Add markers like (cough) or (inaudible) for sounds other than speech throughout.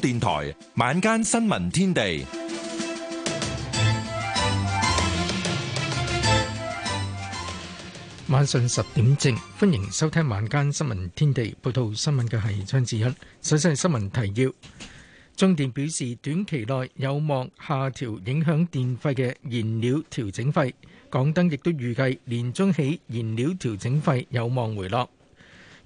電台晚間新聞天地，晚上十點正，歡迎收聽晚間新聞天地。報道新聞嘅係張志欣。首先係新聞提要：中電表示短期內有望下調影響電費嘅燃料調整費，港燈亦都預計年中起燃料調整費有望回落。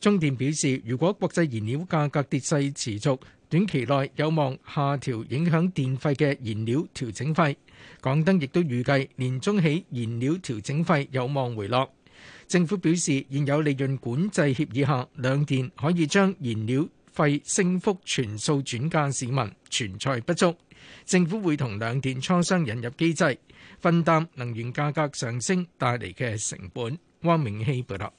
中電表示，如果國際燃料價格跌勢持續，短期內有望下調影響電費嘅燃料調整費。港燈亦都預計年中起燃料調整費有望回落。政府表示，現有利潤管制協議下，兩電可以將燃料費升幅全數轉嫁市民，存在不足。政府會同兩電磋商引入機制，分擔能源價格上升帶嚟嘅成本。汪明希報道。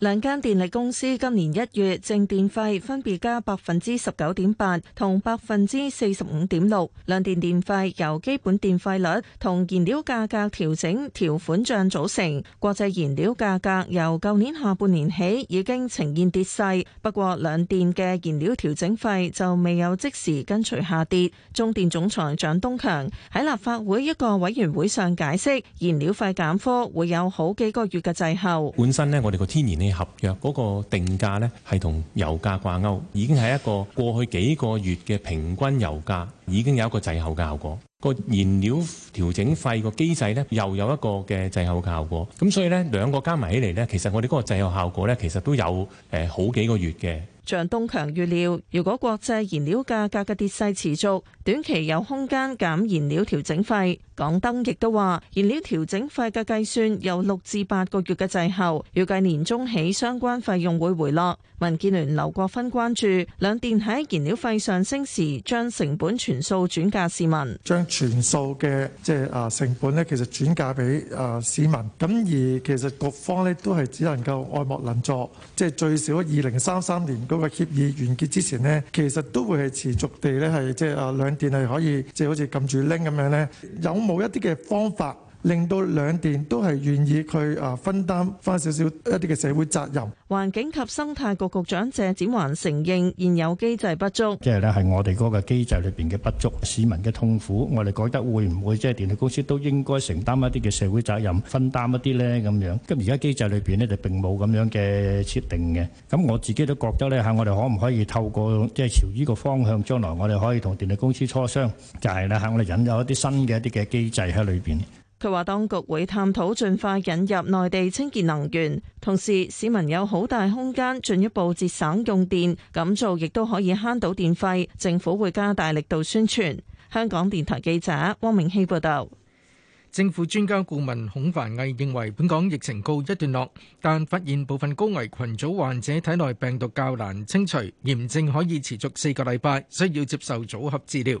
兩間電力公司今年一月淨電費分別加百分之十九點八同百分之四十五點六。兩電電費由基本電費率同燃料價格調整條款帳組成。國際燃料價格由舊年下半年起已經呈現跌勢，不過兩電嘅燃料調整費就未有即時跟隨下跌。中電總裁蔣東強喺立法會一個委員會上解釋，燃料費減科會有好幾個月嘅滯後。本身呢，我哋個天然呢，合約嗰個定價呢係同油價掛鈎，已經係一個過去幾個月嘅平均油價，已經有一個滯後嘅效果。個燃料調整費個機制呢又有一個嘅滯後嘅效果，咁所以呢兩個加埋起嚟呢，其實我哋嗰個滯後效果呢，其實都有誒好幾個月嘅。像東強預料，如果國際燃料價格嘅跌勢持續，短期有空間減燃料調整費。港燈亦都話，燃料調整費嘅計算有六至八個月嘅滯後，預計年中起相關費用會回落。民建聯劉國勳關注，兩電喺燃料費上升時，將成本全數轉嫁市民，將全數嘅即係啊成本咧，其實轉嫁俾啊市民。咁而其實各方咧都係只能夠愛莫能助，即係最少二零三三年個協議完結之前咧，其實都會係持續地咧係即係啊，兩電係可以即係、就是、好似撳住 link 咁樣咧，有冇一啲嘅方法？令到兩電都係願意佢啊分擔翻少少一啲嘅社會責任。環境及生態局局長謝展環承認現有機制不足，即係咧係我哋嗰個機制裏邊嘅不足，市民嘅痛苦，我哋覺得會唔會即係電力公司都應該承擔一啲嘅社會責任，分擔一啲咧咁樣。咁而家機制裏邊咧就並冇咁樣嘅設定嘅。咁我自己都覺得咧，喺我哋可唔可以透過即係朝呢個方向，將來我哋可以同電力公司磋商，就係咧喺我哋引入一啲新嘅一啲嘅機制喺裏邊。佢話：當局會探討盡快引入內地清潔能源，同時市民有好大空間進一步節省用電，咁做亦都可以慳到電費。政府會加大力度宣傳。香港電台記者汪明熙報道。政府專家顧問孔凡毅認為，本港疫情告一段落，但發現部分高危群組患者體內病毒較難清除，炎症可以持續四個禮拜，需要接受組合治療，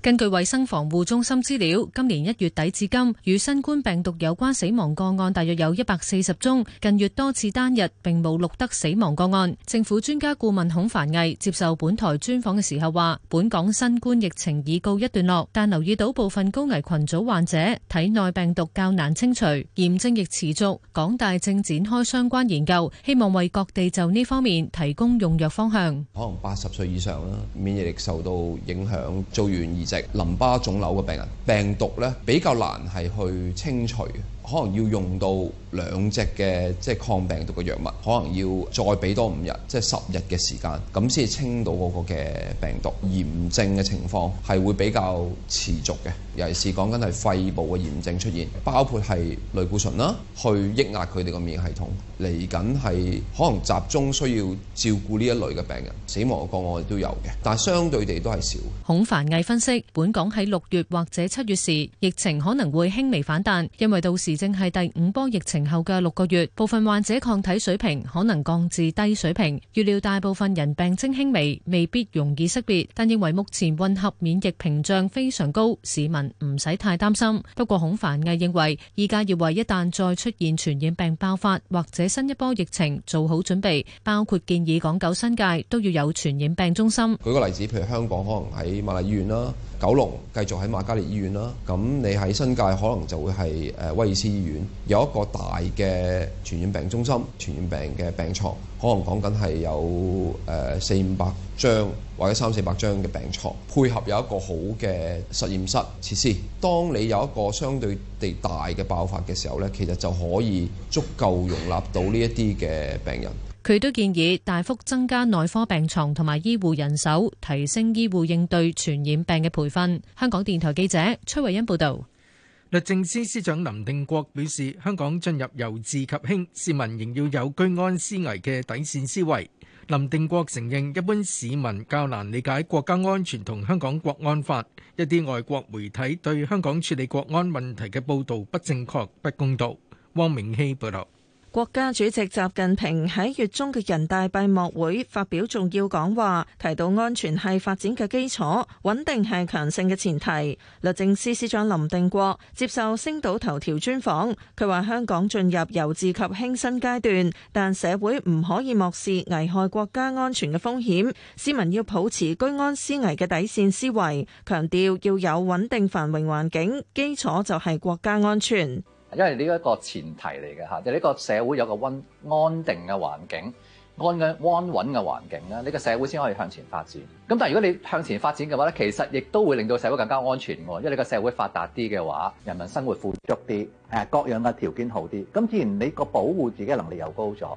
根據衛生防護中心資料，今年一月底至今，與新冠病毒有關死亡個案大約有一百四十宗。近月多次單日並冇錄得死亡個案。政府專家顧問孔凡毅接受本台專訪嘅時候話，本港新冠疫情已告一段落，但留意到部分高危群組患者體內病毒較難清除，炎症亦持續。港大正展開相關研究，希望為各地就呢方面提供用藥方向。可能八十歲以上免疫力受到影響，做完二。淋巴腫瘤嘅病人，病毒咧比較難係去清除，可能要用到。兩隻嘅即係抗病毒嘅藥物，可能要再俾多五日，即係十日嘅時間，咁先清到嗰個嘅病毒。炎症嘅情況係會比較持續嘅，尤其是講緊係肺部嘅炎症出現，包括係類固醇啦，去抑壓佢哋個免疫系統。嚟緊係可能集中需要照顧呢一類嘅病人，死亡個個案都有嘅，但係相對地都係少。孔繁毅分析，本港喺六月或者七月時，疫情可能會輕微反彈，因為到時正係第五波疫情。後嘅六個月，部分患者抗體水平可能降至低水平。預料大部分人病徵輕微，未必容易識別。但認為目前混合免疫屏障非常高，市民唔使太擔心。不過孔繁毅認為，依家要為一旦再出現傳染病爆發或者新一波疫情做好準備，包括建議港九新界都要有傳染病中心。舉個例子，譬如香港可能喺瑪麗醫院啦。九龍繼續喺瑪嘉烈醫院啦，咁你喺新界可能就會係誒威爾斯醫院有一個大嘅傳染病中心，傳染病嘅病床。可能講緊係有誒四五百張或者三四百張嘅病床，配合有一個好嘅實驗室設施。當你有一個相對地大嘅爆發嘅時候呢，其實就可以足夠容納到呢一啲嘅病人。佢都建議大幅增加內科病牀同埋醫護人手，提升醫護應對傳染病嘅培訓。香港電台記者崔惠恩報導。律政司司長林定國表示，香港進入由治及興，市民仍要有居安思危嘅底線思維。林定國承認，一般市民較難理解國家安全同香港國安法。一啲外國媒體對香港處理國安問題嘅報導不正確、不公道。汪明希報導。國家主席習近平喺月中嘅人大閉幕會發表重要講話，提到安全係發展嘅基礎，穩定係強盛嘅前提。律政司司長林定國接受《星島頭條》專訪，佢話香港進入由治及興新階段，但社會唔可以漠視危害國家安全嘅風險，市民要保持居安思危嘅底線思維，強調要有穩定繁榮環境，基礎就係國家安全。因為呢一個前提嚟嘅嚇，就係呢個社會有個溫安定嘅環境，安嘅安穩嘅環境咧，呢個社會先可以向前發展。咁但係如果你向前發展嘅話咧，其實亦都會令到社會更加安全喎。因為你個社會發達啲嘅話，人民生活富足啲，誒各樣嘅條件好啲，咁自然你個保護自己嘅能力又高咗。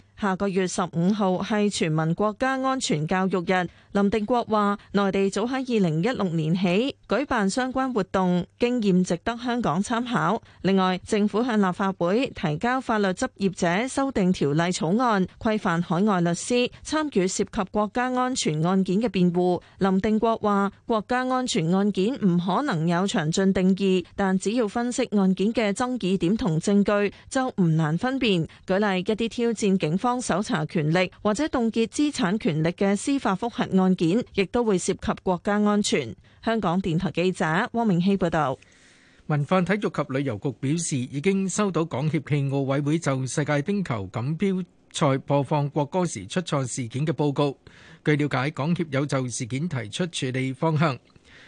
下個月十五號係全民國家安全教育日，林定國話：內地早喺二零一六年起舉辦相關活動，經驗值得香港參考。另外，政府向立法會提交法律執業者修訂條例草案，規範海外律師參與涉及國家安全案件嘅辯護。林定國話：國家安全案件唔可能有詳盡定義，但只要分析案件嘅爭議點同證據，就唔難分辨。舉例一啲挑戰警方。當搜查權力或者凍結資產權力嘅司法覆核案件，亦都會涉及國家安全。香港電台記者汪明希報導。文化體育及旅遊局表示，已經收到港協暨奧委會就世界冰球錦標賽播放國歌時出錯事件嘅報告。據了解，港協有就事件提出處理方向。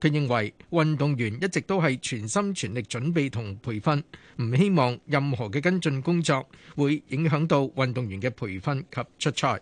佢認為運動員一直都係全心全力準備同培訓，唔希望任何嘅跟進工作會影響到運動員嘅培訓及出賽。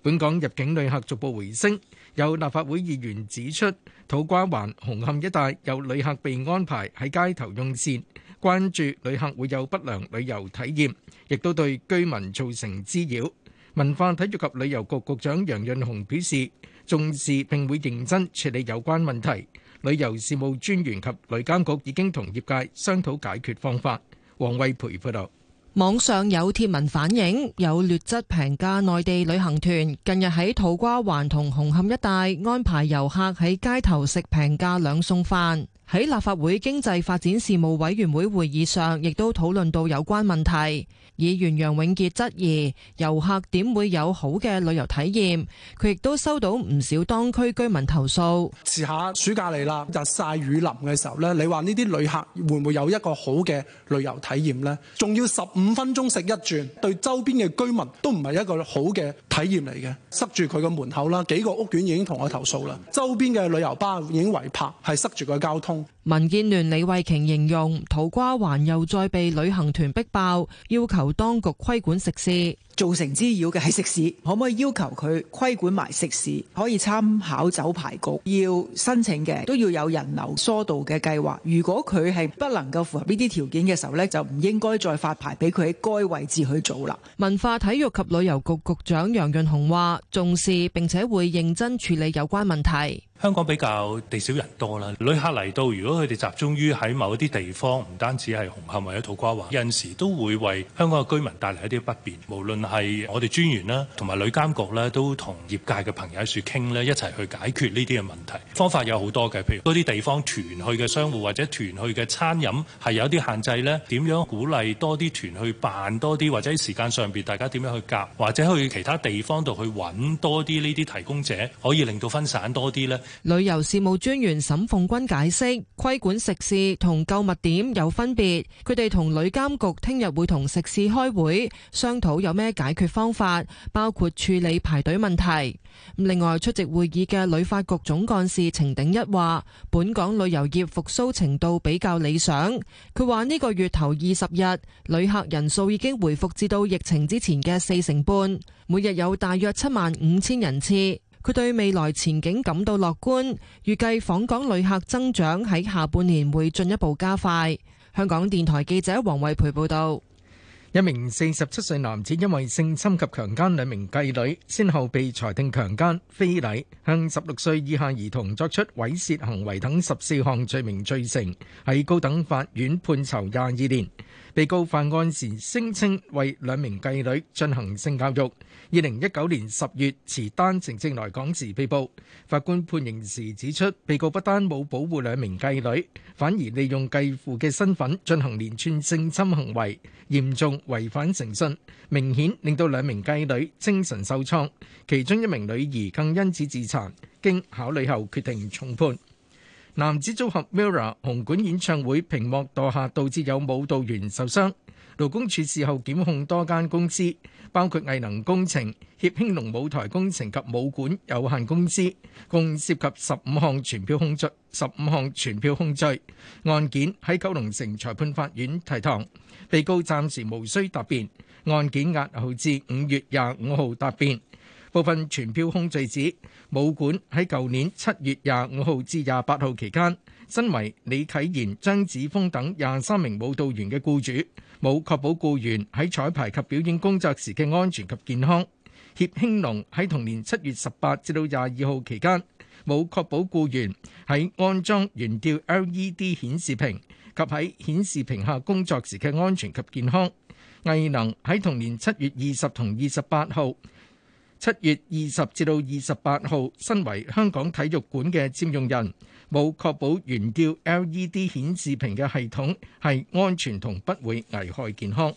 本港入境旅客逐步回升，有立法會議員指出，土瓜灣、紅磡一帶有旅客被安排喺街頭用膳，關注旅客會有不良旅遊體驗，亦都對居民造成滋擾。文化體育及旅遊局局長楊潤雄表示，重視並會認真處理有關問題。旅遊事務專員及旅監局已經同業界商討解決方法。王惠培報道。網上有貼文反映，有劣質平價內地旅行團近日喺土瓜灣同紅磡一帶安排遊客喺街頭食平價兩餸飯。喺立法會經濟發展事務委員會會議上，亦都討論到有關問題。議員楊永傑質疑遊客點會有好嘅旅遊體驗？佢亦都收到唔少當區居民投訴。遲下暑假嚟啦，日曬雨淋嘅時候呢，你話呢啲旅客會唔會有一個好嘅旅遊體驗呢？仲要十五分鐘食一轉，對周邊嘅居民都唔係一個好嘅體驗嚟嘅。塞住佢個門口啦，幾個屋苑已經同我投訴啦。周邊嘅旅遊巴已經圍泊，係塞住個交通。民建聯李慧瓊形容土瓜灣又再被旅行團逼爆，要求當局規管食肆，造成滋擾嘅係食肆，可唔可以要求佢規管埋食肆？可以參考酒牌局，要申請嘅都要有人流疏導嘅計劃。如果佢係不能夠符合呢啲條件嘅時候呢，就唔應該再發牌俾佢喺該位置去做啦。文化體育及旅遊局局長楊潤雄話重視並且會認真處理有關問題。香港比較地少人多啦，旅客嚟到，如果佢哋集中於喺某一啲地方，唔單止係紅磡或者土瓜灣，有陣時都會為香港嘅居民帶嚟一啲不便。無論係我哋專員啦，同埋旅監局咧，都同業界嘅朋友喺處傾咧，一齊去解決呢啲嘅問題。方法有好多嘅，譬如多啲地方團去嘅商戶或者團去嘅餐飲係有啲限制呢。點樣鼓勵多啲團去辦多啲，或者喺時間上邊大家點樣去夾，或者去其他地方度去揾多啲呢啲提供者，可以令到分散多啲呢。旅遊事務專員沈鳳君解釋，規管食肆同購物點有分別，佢哋同旅監局聽日會同食肆開會，商討有咩解決方法，包括處理排隊問題。咁另外出席會議嘅旅發局總幹事程鼎一話，本港旅遊業復甦程度比較理想。佢話呢個月頭二十日，旅客人數已經回復至到疫情之前嘅四成半，每日有大約七萬五千人次。佢對未來前景感到樂觀，預計訪港旅客增長喺下半年會進一步加快。香港電台記者黃惠培報道，一名四十七歲男子因為性侵及強姦兩名繼女，先後被裁定強姦、非禮、向十六歲以下兒童作出猥褻行為等十四項罪名罪成，喺高等法院判囚廿二年。被告犯案時聲稱為兩名繼女進行性教育。二零一九年十月持單程證來港時被捕，法官判刑時指出，被告不單冇保護兩名繼女，反而利用繼父嘅身份進行連串性侵行為，嚴重違反誠信，明顯令到兩名繼女精神受創，其中一名女兒更因此自殘。經考慮後決定重判。男子組合 MIRROR 紅館演唱會屏幕墮下，導致有舞蹈員受傷。勞工處事後檢控多間公司，包括藝能工程、協興隆舞台工程及舞館有限公司，共涉及十五項傳票控罪。十五項傳票控罪案件喺九龍城裁判法院提堂，被告暫時無需答辯，案件押後至五月廿五號答辯。部分傳票控罪指舞館喺舊年七月廿五號至廿八號期間，身為李啟言、張梓峰等廿三名舞蹈員嘅僱主。冇確保僱員喺彩排及表演工作時嘅安全及健康。協興隆喺同年七月十八至到廿二號期間，冇確保僱員喺安裝懸吊 LED 顯示屏及喺顯示屏下工作時嘅安全及健康。藝能喺同年七月二十同二十八號，七月二十至到二十八號，身為香港體育館嘅佔用人。冇確保懸吊 LED 顯示屏嘅系統係安全同不會危害健康。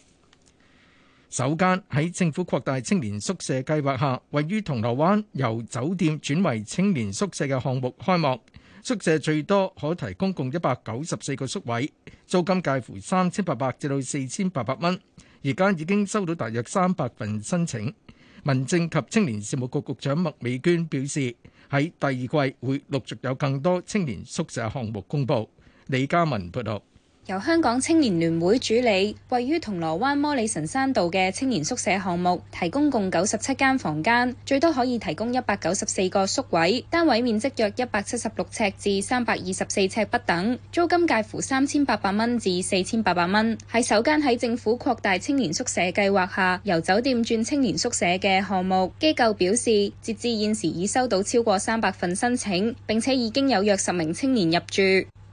首間喺政府擴大青年宿舍計劃下，位於銅鑼灣由酒店轉為青年宿舍嘅項目開幕，宿舍最多可提供共一百九十四個宿位，租金介乎三千八百至到四千八百蚊。而家已經收到大約三百份申請。民政及青年事務局局長麥美娟表示，喺第二季會陸續有更多青年宿舍項目公布。李嘉文報道。由香港青年聯會主理，位於銅鑼灣摩理臣山道嘅青年宿舍項目，提供共九十七間房間，最多可以提供一百九十四個宿位，單位面積約一百七十六尺至三百二十四尺不等，租金介乎三千八百蚊至四千八百蚊。係首間喺政府擴大青年宿舍計劃下，由酒店轉青年宿舍嘅項目。機構表示，截至現時已收到超過三百份申請，並且已經有約十名青年入住。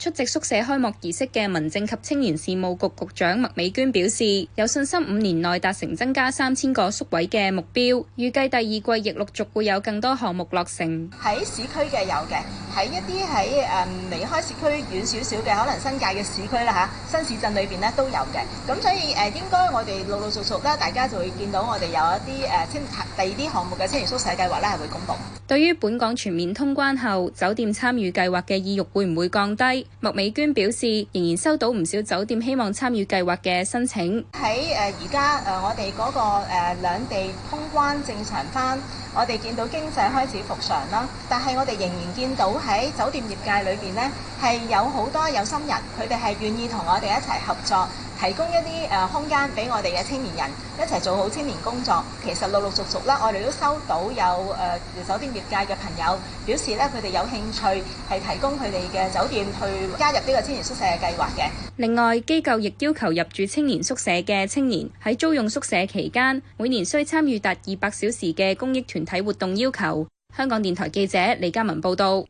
出席宿舍開幕儀式嘅民政及青年事務局局長麥美娟表示，有信心五年內達成增加三千個宿位嘅目標，預計第二季亦陸續會有更多項目落成。喺市區嘅有嘅，喺一啲喺誒離開市區遠少少嘅，可能新界嘅市區啦吓，新市鎮裏邊咧都有嘅。咁所以誒應該我哋陸陸續續啦，大家就會見到我哋有一啲誒、uh, 清第二啲項目嘅青年宿舍計劃咧，係會公布。對於本港全面通關後酒店參與計劃嘅意欲會唔會降低？麥美娟表示，仍然收到唔少酒店希望參與計劃嘅申請。喺而家我哋嗰個誒兩地通關正常翻，我哋見到經濟開始復常啦。但係我哋仍然見到喺酒店業界裏邊呢係有好多有心人，佢哋係願意同我哋一齊合作。提供一啲誒空間俾我哋嘅青年人一齊做好青年工作。其實陸陸續續啦，我哋都收到有誒酒店業界嘅朋友表示咧，佢哋有興趣係提供佢哋嘅酒店去加入呢個青年宿舍嘅計劃嘅。另外，機構亦要求入住青年宿舍嘅青年喺租用宿舍期間，每年須參與達二百小時嘅公益團體活動要求。香港電台記者李嘉文報道。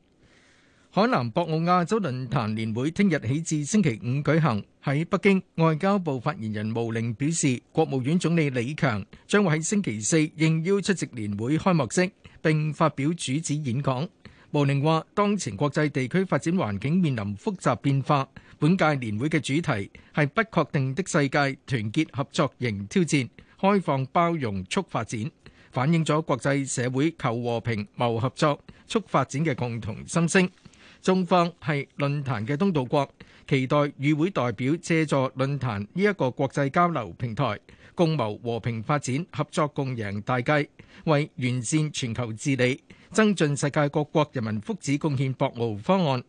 海南博鰲亞洲論壇年會聽日起至星期五舉行。喺北京，外交部發言人毛寧表示，國務院總理李強將會喺星期四應邀出席年會開幕式，并發表主旨演講。毛寧話：當前國際地區發展環境面臨複雜變化，本屆年會嘅主題係不確定的世界，團結合作迎挑戰，開放包容促發展，反映咗國際社會求和平、謀合作、促發展嘅共同心聲。中方係論壇嘅東道國，期待與會代表借助論壇呢一個國際交流平台，共謀和平發展、合作共贏大計，為完善全球治理、增進世界各國人民福祉貢獻博鰲方案。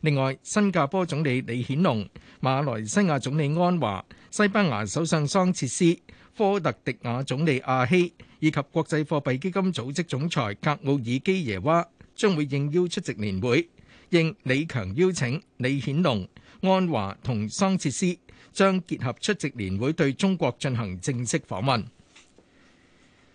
另外，新加坡總理李顯龍、馬來西亞總理安華、西班牙首相桑切斯、科特迪瓦總理阿希以及國際貨幣基金組織總裁格奧爾基耶娃將會應邀出席年會。應李強邀請，李顯龍、安華同桑切斯將結合出席年會，對中國進行正式訪問。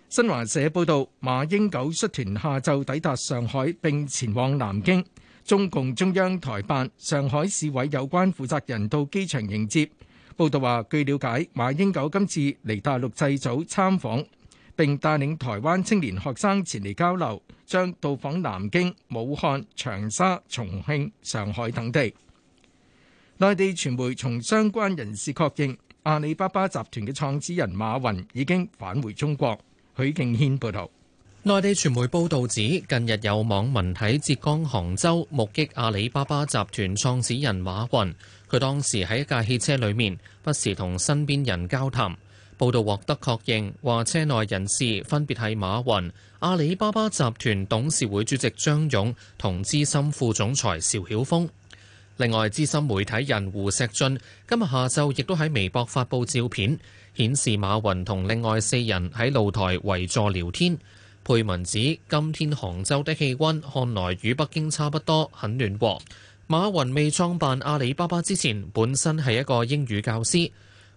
新華社報道，馬英九率團下晝抵達上海，並前往南京。中共中央台辦、上海市委有關負責人到機場迎接。報道話，據了解，馬英九今次嚟大陸祭祖參訪。並帶領台灣青年學生前嚟交流，將到訪南京、武漢、長沙、重慶、上海等地。內地傳媒從相關人士確認，阿里巴巴集團嘅創始人馬雲已經返回中國。許敬軒報道，內地傳媒報道指，近日有網民喺浙江杭州目擊阿里巴巴集團創始人馬雲，佢當時喺一架汽車裏面，不時同身邊人交談。報道獲得確認，話車內人士分別係馬雲、阿里巴巴集團董事會主席張勇同資深副總裁邵曉峰。另外，資深媒體人胡錫進今日下晝亦都喺微博發布照片，顯示馬雲同另外四人喺露台圍坐聊天。配文指今天杭州的氣温，看來與北京差不多，很暖和。馬雲未創辦阿里巴巴之前，本身係一個英語教師。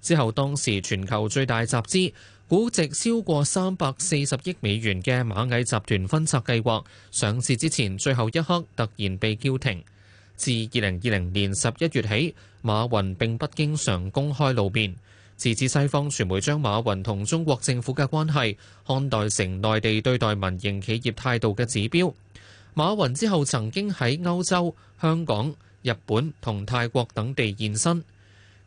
之後，當時全球最大集資、估值超過三百四十億美元嘅螞蟻集團分拆計劃上市之前，最後一刻突然被叫停。自二零二零年十一月起，馬雲並不經常公開露面。自此，西方傳媒將馬雲同中國政府嘅關係看待成內地對待民營企業態度嘅指標。馬雲之後曾經喺歐洲、香港、日本同泰國等地現身。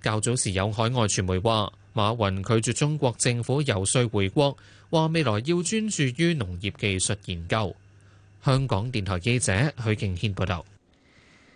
較早時有海外傳媒話，馬雲拒絕中國政府遊說回國，話未來要專注於農業技術研究。香港電台記者許敬軒報導。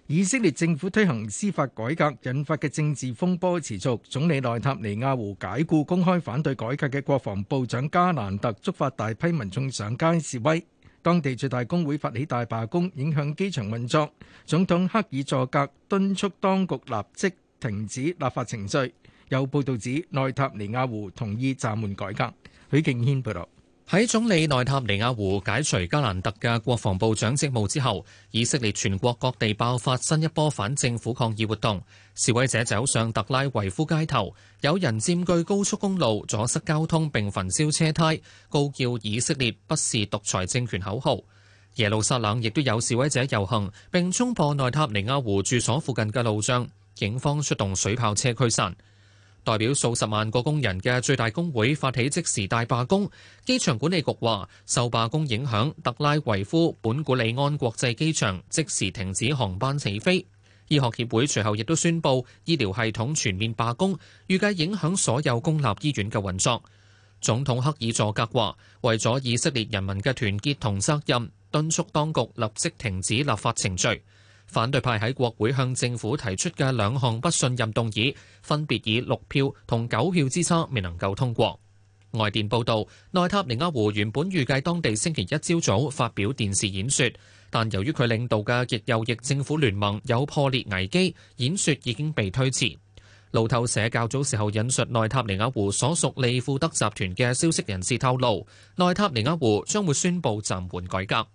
以色列政府推行司法改革引發嘅政治風波持續，總理內塔尼亞胡解僱公開反對改革嘅國防部長加蘭特，觸發大批民眾上街示威，當地最大工會發起大罷工，影響機場運作。總統赫爾佐格敦促當局立即停止立法程序。有報道指，內塔尼亞胡同意暫緩改革。許敬軒報道：喺總理內塔尼亞胡解除加蘭特嘅國防部長職務之後，以色列全國各地爆發新一波反政府抗議活動。示威者走上特拉維夫街頭，有人佔據高速公路阻塞交通，並焚燒車胎，高叫“以色列不是獨裁政權”口號。耶路撒冷亦都有示威者遊行，並衝破內塔尼亞胡住所附近嘅路障。警方出動水炮車驅散，代表數十萬個工人嘅最大工會發起即時大罷工。機場管理局話，受罷工影響，特拉維夫本古里安國際機場即時停止航班起飛。醫學協會隨後亦都宣布醫療系統全面罷工，預計影響所有公立醫院嘅運作。總統克爾佐格話，為咗以色列人民嘅團結同責任，敦促當局立即停止立法程序。反對派喺國會向政府提出嘅兩項不信任動議，分別以六票同九票之差未能夠通過。外電報導，內塔尼亞胡原本預計當地星期一朝早發表電視演說，但由於佢領導嘅極右翼政府聯盟有破裂危機，演說已經被推遲。路透社較早時候引述內塔尼亞胡所屬利庫德集團嘅消息人士透露，內塔尼亞胡將會宣布暫緩改革。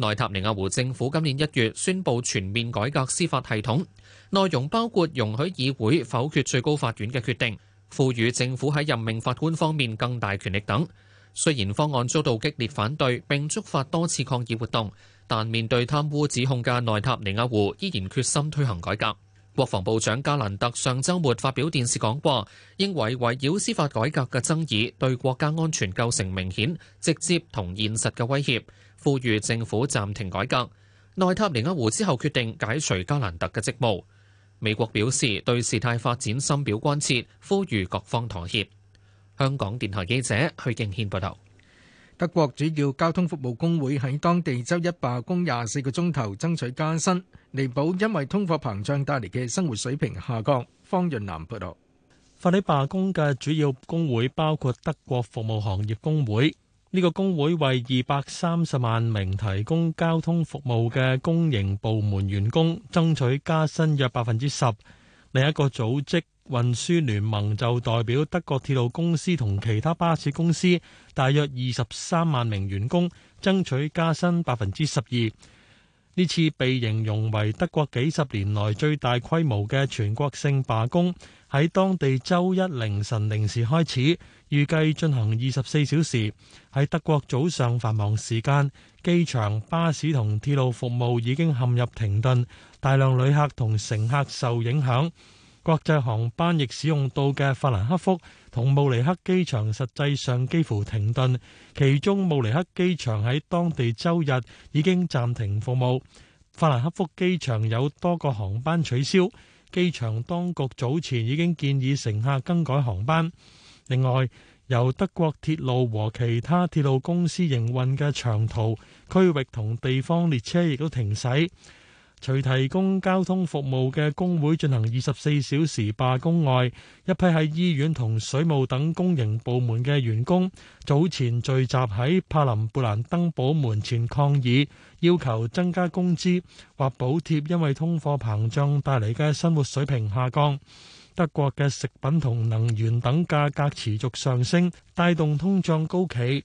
內塔尼亞胡政府今年一月宣布全面改革司法系統，內容包括容許議會否決最高法院嘅決定，賦予政府喺任命法官方面更大權力等。雖然方案遭到激烈反對，並觸發多次抗議活動，但面對貪污指控嘅內塔尼亞胡依然決心推行改革。國防部長加蘭特上週末發表電視講話，認為圍繞司法改革嘅爭議對國家安全構成明顯、直接同現實嘅威脅。呼籲政府暫停改革。內塔尼亞胡之後決定解除加蘭特嘅職務。美國表示對事態發展深表關切，呼籲各方妥協。香港電台記者許敬軒報導。德國主要交通服務工會喺當地週一罷工廿四個鐘頭，爭取加薪，彌補因為通貨膨脹帶嚟嘅生活水平下降。方潤南報導。發起罷工嘅主要工會包括德國服務行業工會。呢個工會為二百三十萬名提供交通服務嘅公營部門員工爭取加薪約百分之十，另一個組織運輸聯盟就代表德國鐵路公司同其他巴士公司，大約二十三萬名員工爭取加薪百分之十二。呢次被形容為德國幾十年來最大規模嘅全國性罷工，喺當地周一凌晨零時開始，預計進行二十四小時。喺德國早上繁忙時間，機場、巴士同鐵路服務已經陷入停頓，大量旅客同乘客受影響。國際航班亦使用到嘅法蘭克福同慕尼黑機場實際上幾乎停頓，其中慕尼黑機場喺當地周日已經暫停服務，法蘭克福機場有多個航班取消，機場當局早前已經建議乘客更改航班。另外，由德國鐵路和其他鐵路公司營運嘅長途區域同地方列車亦都停駛。除提供交通服務嘅工會進行二十四小時罷工外，一批喺醫院同水務等公營部門嘅員工早前聚集喺柏林布蘭登堡門前抗議，要求增加工資或補貼，因為通貨膨脹帶嚟嘅生活水平下降。德國嘅食品同能源等價格持續上升，帶動通脹高企。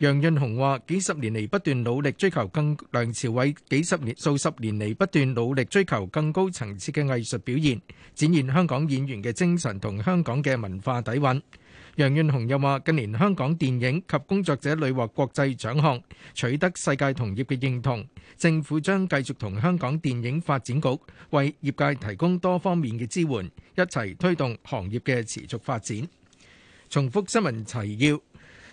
楊潤雄話：幾十年嚟不斷努力追求更梁朝偉幾十年、數十年嚟不斷努力追求更高層次嘅藝術表現，展現香港演員嘅精神同香港嘅文化底蘊。楊潤雄又話：近年香港電影及工作者屢獲國際獎項，取得世界同業嘅認同。政府將繼續同香港電影發展局為業界提供多方面嘅支援，一齊推動行業嘅持續發展。重複新聞提要。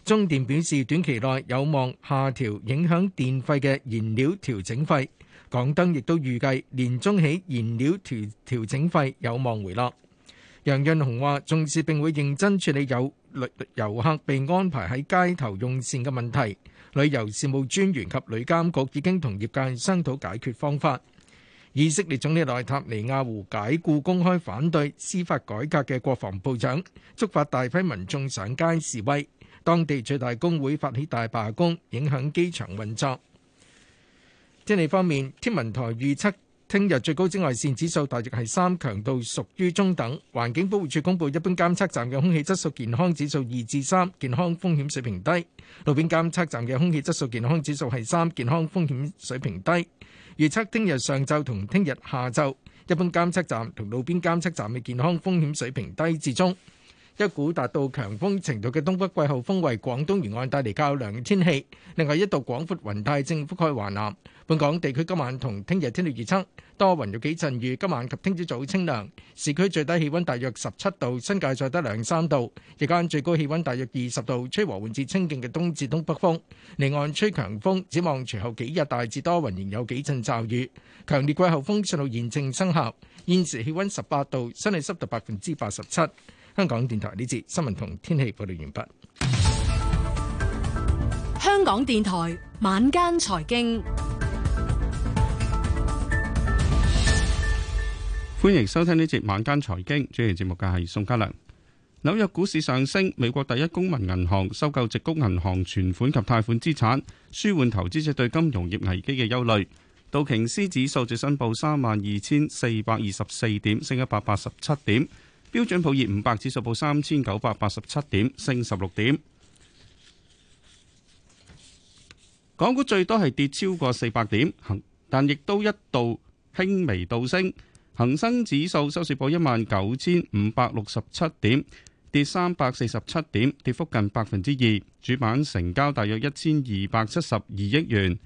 中電表示短期內有望下調影響電費嘅燃料調整費。港燈亦都預計年中起燃料調調整費有望回落。楊潤雄話，重視並會認真處理有旅遊客被安排喺街頭用膳嘅問題。旅遊事務專員及旅監局已經同業界商討解決方法。以色列總理內塔尼亞胡解僱公開反對司法改革嘅國防部長，觸發大批民眾上街示威。當地最大工會發起大罷工，影響機場運作。天氣方面，天文台預測聽日最高紫外線指數大約係三，強度屬於中等。環境保護署公佈，一般監測站嘅空氣質素健康指數二至三，健康風險水平低；路邊監測站嘅空氣質素健康指數係三，健康風險水平低。預測聽日上晝同聽日下晝，一般監測站同路邊監測站嘅健康風險水平低至中。一股達到強風程度嘅東北季候風為廣東沿岸帶嚟較涼嘅天氣。另外，一道廣闊雲帶正覆蓋華南。本港地區今晚同聽日天氣預測多雲有幾陣雨。今晚及聽朝早清涼，市區最低氣温大約十七度，新界再低兩三度。日間最高氣温大約二十度，吹和緩至清勁嘅東至東北風。離岸吹強風，展望隨後幾日大致多雲，仍有幾陣驟雨。強烈季候風信號現正生效。現時氣温十八度，室內濕度百分之八十七。香港電台呢節新聞同天氣報道完畢。香港電台晚間財經，歡迎收聽呢節晚間財經。主持節目嘅係宋嘉良。紐約股市上升，美國第一公民銀行收購矽谷銀行存款及貸款資產，舒緩投資者對金融業危機嘅憂慮。道瓊斯指數就申報三萬二千四百二十四點，升一百八十七點。標準普爾五百指數報三千九百八十七點，升十六點。港股最多係跌超過四百點，恒但亦都一度輕微倒升。恒生指數收市報一萬九千五百六十七點，跌三百四十七點，跌幅近百分之二。主板成交大約一千二百七十二億元。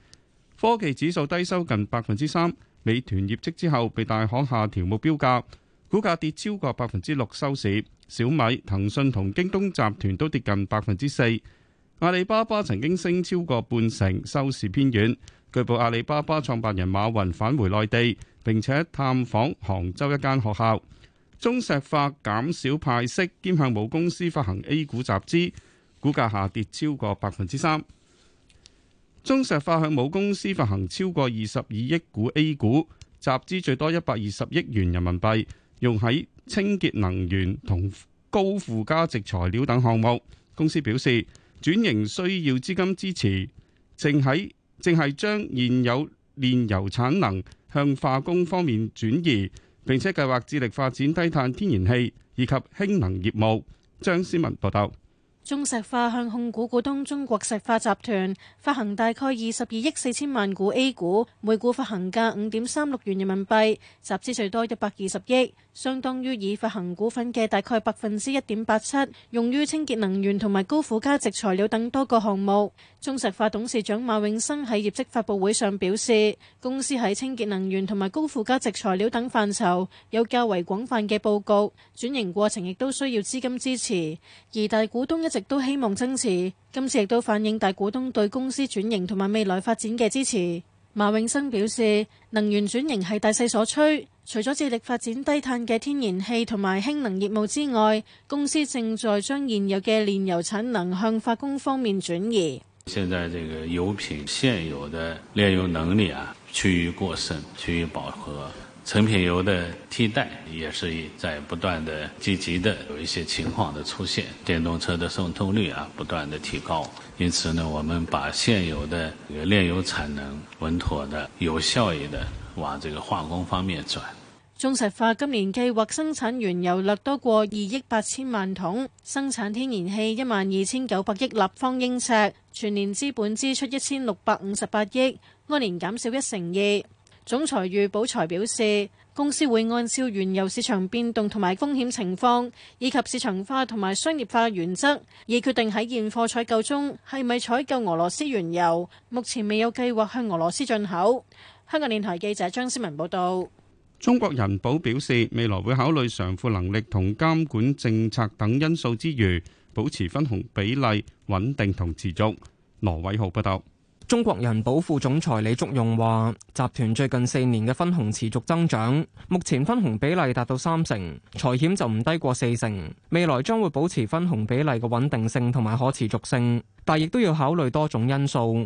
科技指數低收近百分之三。美團業績之後被大行下調目標價。股價跌超過百分之六收市，小米、騰訊同京東集團都跌近百分之四。阿里巴巴曾經升超過半成收市偏軟。據報阿里巴巴創辦人馬雲返回內地，並且探訪杭州一間學校。中石化減少派息兼向母公司發行 A 股集資，股價下跌超過百分之三。中石化向母公司發行超過二十二億股 A 股集資，最多一百二十億元人民幣。用喺清潔能源同高附加值材料等項目。公司表示轉型需要資金支持，正喺正係將現有煉油產能向化工方面轉移，並且計劃致力發展低碳天然氣以及氫能業務。張思文報道。中石化向控股股東中國石化集團發行大概二十二億四千萬股 A 股，每股發行價五點三六元人民幣，集資最多一百二十億。相當於已發行股份嘅大概百分之一點八七，用於清潔能源同埋高附加值材料等多個項目。中石化董事長馬永生喺業績發布會上表示，公司喺清潔能源同埋高附加值材料等範疇有較為廣泛嘅佈局，轉型過程亦都需要資金支持。而大股東一直都希望增持，今次亦都反映大股東對公司轉型同埋未來發展嘅支持。馬永生表示，能源轉型係大勢所趨。除咗致力發展低碳嘅天然氣同埋氫能業務之外，公司正在將現有嘅煉油產能向化工方面轉移。現在這個油品現有的煉油能力啊，趨於過剩、趨於飽和，成品油的替代也是在不斷的積極的有一些情況的出現，電動車的滲透率啊不斷的提高，因此呢，我們把現有的個煉油產能穩妥的有效益的往這個化工方面轉。中石化今年計劃生產原油略多過二億八千萬桶，生產天然氣一萬二千九百億立方英尺。全年資本支出一千六百五十八億，按年減少一成二。總裁喻寶才表示，公司會按照原油市場變動同埋風險情況，以及市場化同埋商業化原則，而決定喺現貨採購中係咪採購俄羅斯原油。目前未有計劃向俄羅斯進口。香港電台記者張思文報道。中國人保表示，未來會考慮償付能力同監管政策等因素之餘，保持分紅比例穩定同持續。羅偉浩報道，中國人保副總裁李竹用話：集團最近四年嘅分紅持續增長，目前分紅比例達到三成，財險就唔低過四成。未來將會保持分紅比例嘅穩定性同埋可持續性，但亦都要考慮多種因素。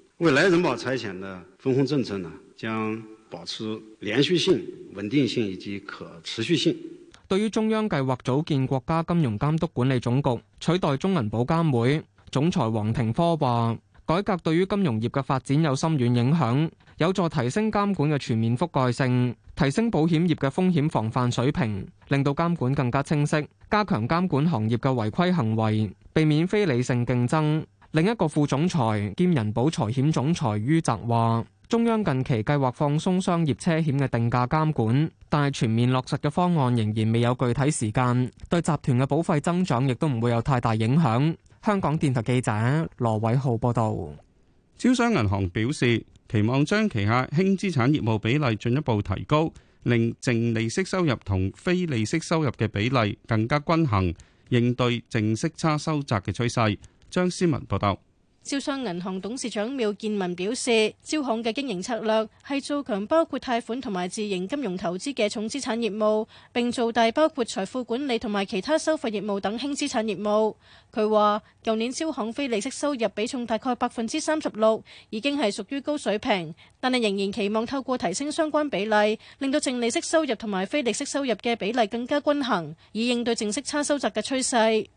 未來人保財險的分紅政策呢，將保持連續性、穩定性以及可持續性。對於中央計劃組建國家金融監督管理總局取代中銀保監會，總裁黃廷科話：改革對於金融業嘅發展有深遠影響，有助提升監管嘅全面覆蓋性，提升保險業嘅風險防範水平，令到監管更加清晰，加強監管行業嘅違規行為，避免非理性競爭。另一個副總裁兼人保財險總裁于澤話，中央近期計劃放鬆商業車險嘅定價監管，但係全面落實嘅方案仍然未有具體時間。對集團嘅保費增長亦都唔會有太大影響。香港電台記者羅偉浩報道。招商銀行表示，期望將旗下輕資產業務比例進一步提高，令淨利息收入同非利息收入嘅比例更加均衡，應對淨息差收窄嘅趨勢。張思文報道，招商銀行董事長繆建文表示，招行嘅經營策略係做強，包括貸款同埋自營金融投資嘅重資產業務，並做大包括財富管理同埋其他收費業務等輕資產業務。佢話，舊年招行非利息收入比重大概百分之三十六，已經係屬於高水平，但係仍然期望透過提升相關比例，令到淨利息收入同埋非利息收入嘅比例更加均衡，以應對淨息差收窄嘅趨勢。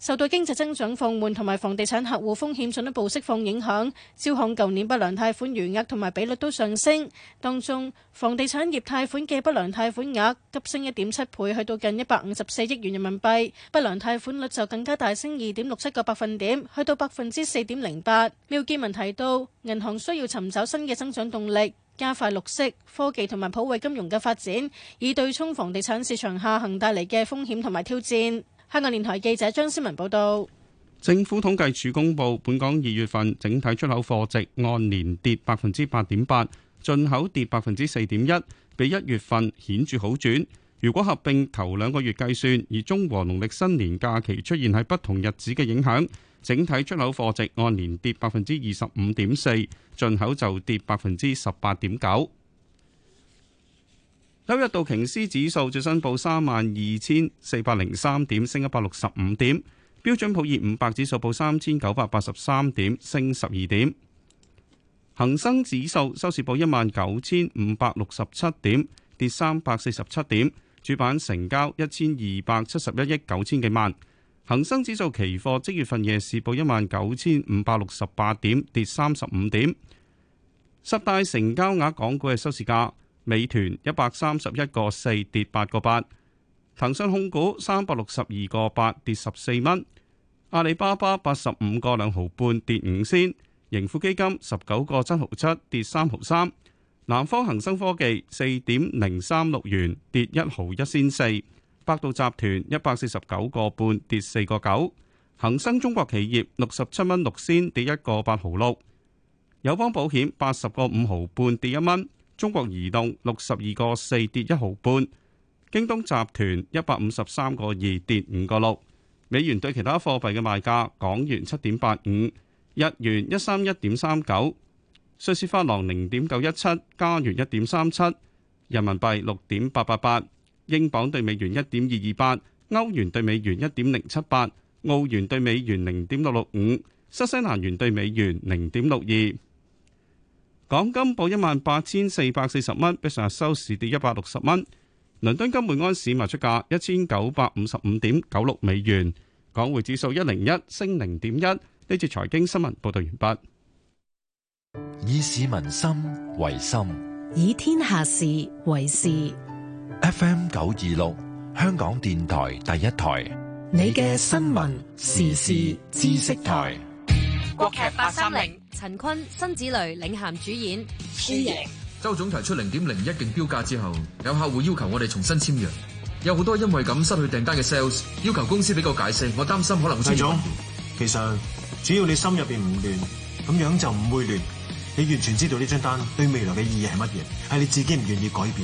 受到經濟增長放緩同埋房地產客戶風險進一步釋放影響，招行舊年不良貸款餘額同埋比率都上升。當中房地產業貸款嘅不良貸款額急升一點七倍，去到近一百五十四億元人民幣，不良貸款率就更加大升二點六七個百分點，去到百分之四點零八。廖建文提到，銀行需要尋找新嘅增長動力，加快綠色科技同埋普惠金融嘅發展，以對沖房地產市場下行帶嚟嘅風險同埋挑戰。香港電台記者張思文報道，政府統計處公布，本港二月份整體出口貨值按年跌百分之八點八，進口跌百分之四點一，比一月份顯著好轉。如果合併頭兩個月計算，而中和農曆新年假期出現喺不同日子嘅影響，整體出口貨值按年跌百分之二十五點四，進口就跌百分之十八點九。紐約道瓊斯指數最新報三萬二千四百零三點，升一百六十五點。標準普爾五百指數報三千九百八十三點，升十二點。恒生指數收市報一萬九千五百六十七點，跌三百四十七點。主板成交一千二百七十一億九千幾萬。恒生指數期貨即月份夜市報一萬九千五百六十八點，跌三十五點。十大成交額港股嘅收市價。美團一百三十一個四跌八個八，騰訊控股三百六十二個八跌十四蚊，阿里巴巴八十五個兩毫半跌五仙，盈富基金十九個七毫七跌三毫三，南方恒生科技四點零三六元跌一毫一仙四，百度集團一百四十九個半跌四個九，恒生中國企業六十七蚊六仙跌一個八毫六，友邦保險八十個五毫半跌一蚊。中國移動六十二個四跌一毫半，京東集團一百五十三個二跌五個六。美元對其他貨幣嘅賣價：港元七點八五，日元一三一點三九，瑞士法郎零點九一七，加元一點三七，人民幣六點八八八，英鎊對美元一點二二八，歐元對美元一點零七八，澳元對美元零點六六五，新西蘭元對美元零點六二。港金報一萬八千四百四十蚊，比上日收市跌一百六十蚊。倫敦金每安士賣出價一千九百五十五點九六美元。港匯指數一零一升零點一。呢次財經新聞報道完畢。以市民心為心，以天下事為事。F M 九二六，香港電台第一台，你嘅新聞時事知識台。國劇八三零，陳坤、辛芷蕾領銜主演，輸贏。周總提出零點零一競標價之後，有客戶要求我哋重新簽約，有好多因為咁失去訂單嘅 sales 要求公司俾個解釋，我擔心可能會。周總，其實只要你心入邊唔亂，咁樣就唔會亂。你完全知道呢張單對未來嘅意義係乜嘢，係你自己唔願意改變。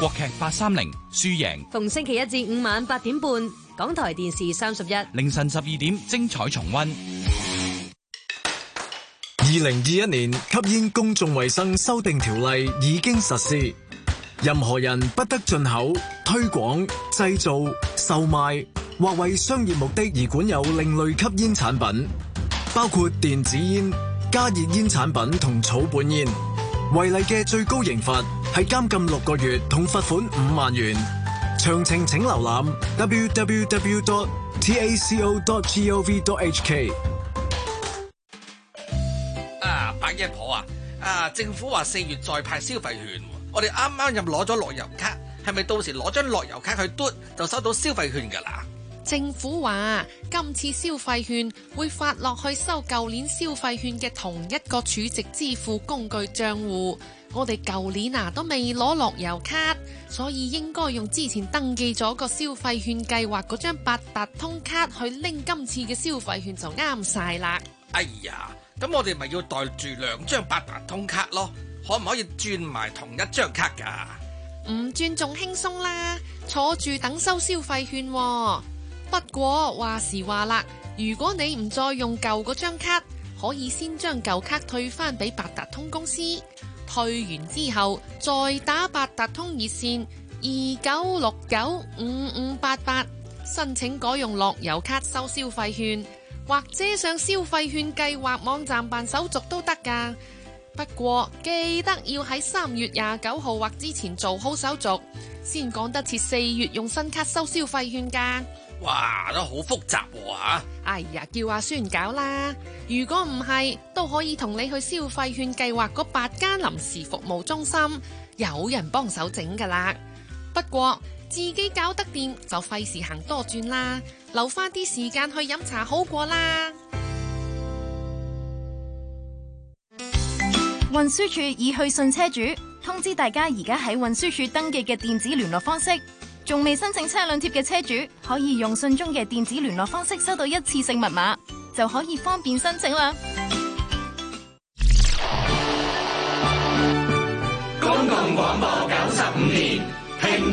國劇八三零，輸贏。逢星期一至五晚八點半，港台電視三十一。凌晨十二點，精彩重溫。二零二一年吸煙公眾衛生修訂條例已經實施，任何人不得進口、推廣、製造、售賣或為商業目的而管有另類吸煙產品，包括電子煙、加熱煙產品同草本煙。違例嘅最高刑罰係監禁六個月同罰款五萬元。詳情請瀏覽 www.taco.gov.hk。阿婆啊！啊，政府話四月再派消費券，我哋啱啱又攞咗樂悠卡，係咪到時攞張樂悠卡去嘟就收到消費券㗎喇？政府話今次消費券會發落去收舊年消費券嘅同一個儲值支付工具賬戶，我哋舊年啊都未攞樂悠卡，所以應該用之前登記咗個消費券計劃嗰張八達通卡去拎今次嘅消費券就啱晒啦！哎呀～咁我哋咪要袋住兩張八達通卡咯，可唔可以轉埋同一張卡噶？唔轉仲輕鬆啦，坐住等收消費券喎。不過話時話啦，如果你唔再用舊嗰張卡，可以先將舊卡退翻俾八達通公司，退完之後再打八達通熱線二九六九五五八八，申請改用樂悠卡收消費券。或者上消費券計劃網站辦手續都得噶，不過記得要喺三月廿九號或之前做好手續，先講得切四月用新卡收消費券噶。哇，都好複雜吓！哎呀，叫阿孫搞啦。如果唔係，都可以同你去消費券計劃嗰八間臨時服務中心，有人幫手整噶啦。不過。自己搞得掂就費事行多轉啦，留翻啲時間去飲茶好過啦。運輸署已去信車主，通知大家而家喺運輸署登記嘅電子聯絡方式，仲未申請車輛貼嘅車主，可以用信中嘅電子聯絡方式收到一次性密碼，就可以方便申請啦。公共廣播九十五年。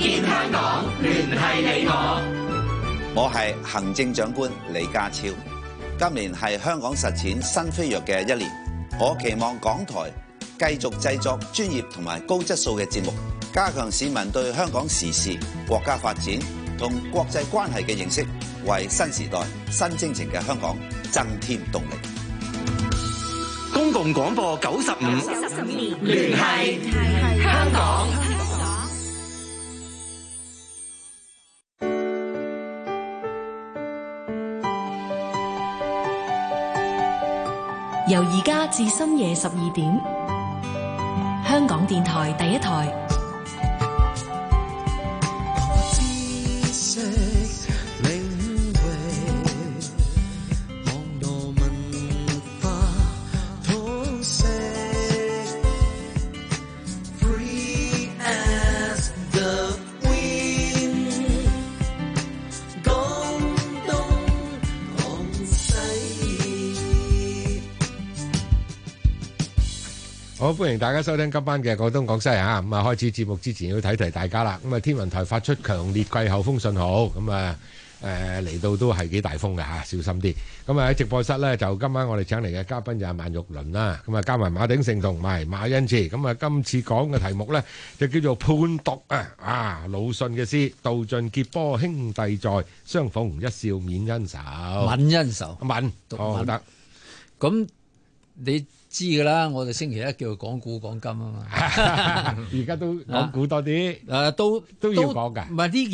建香港，聯繫你我，我係行政長官李家超。今年係香港實踐新飛躍嘅一年，我期望港台繼續製作專業同埋高質素嘅節目，加強市民對香港時事、國家發展同國際關係嘅認識，為新時代新征程嘅香港增添動力。公共廣播九十五年，聯繫香港。香港由而家至深夜十二點，香港電台第一台。好，歡迎大家收聽今晚嘅廣東講西啊！咁啊，開始節目之前要提提大家啦。咁啊，天文台發出強烈季候風信號，咁啊，誒嚟到都係幾大風嘅吓，小心啲。咁啊，喺直播室咧，就今晚我哋請嚟嘅嘉賓就係萬玉麟啦。咁啊，加埋馬鼎盛同埋馬恩賜。咁啊，今次講嘅題目咧，就叫做判讀啊啊魯迅嘅詩。道盡劫波兄弟在，相逢一笑泯恩仇。泯恩仇，泯讀得。咁你？知㗎啦，我哋星期一叫做港股港金 (laughs) (laughs) 啊嘛，而家都港股多啲，誒都都要講㗎，唔係呢？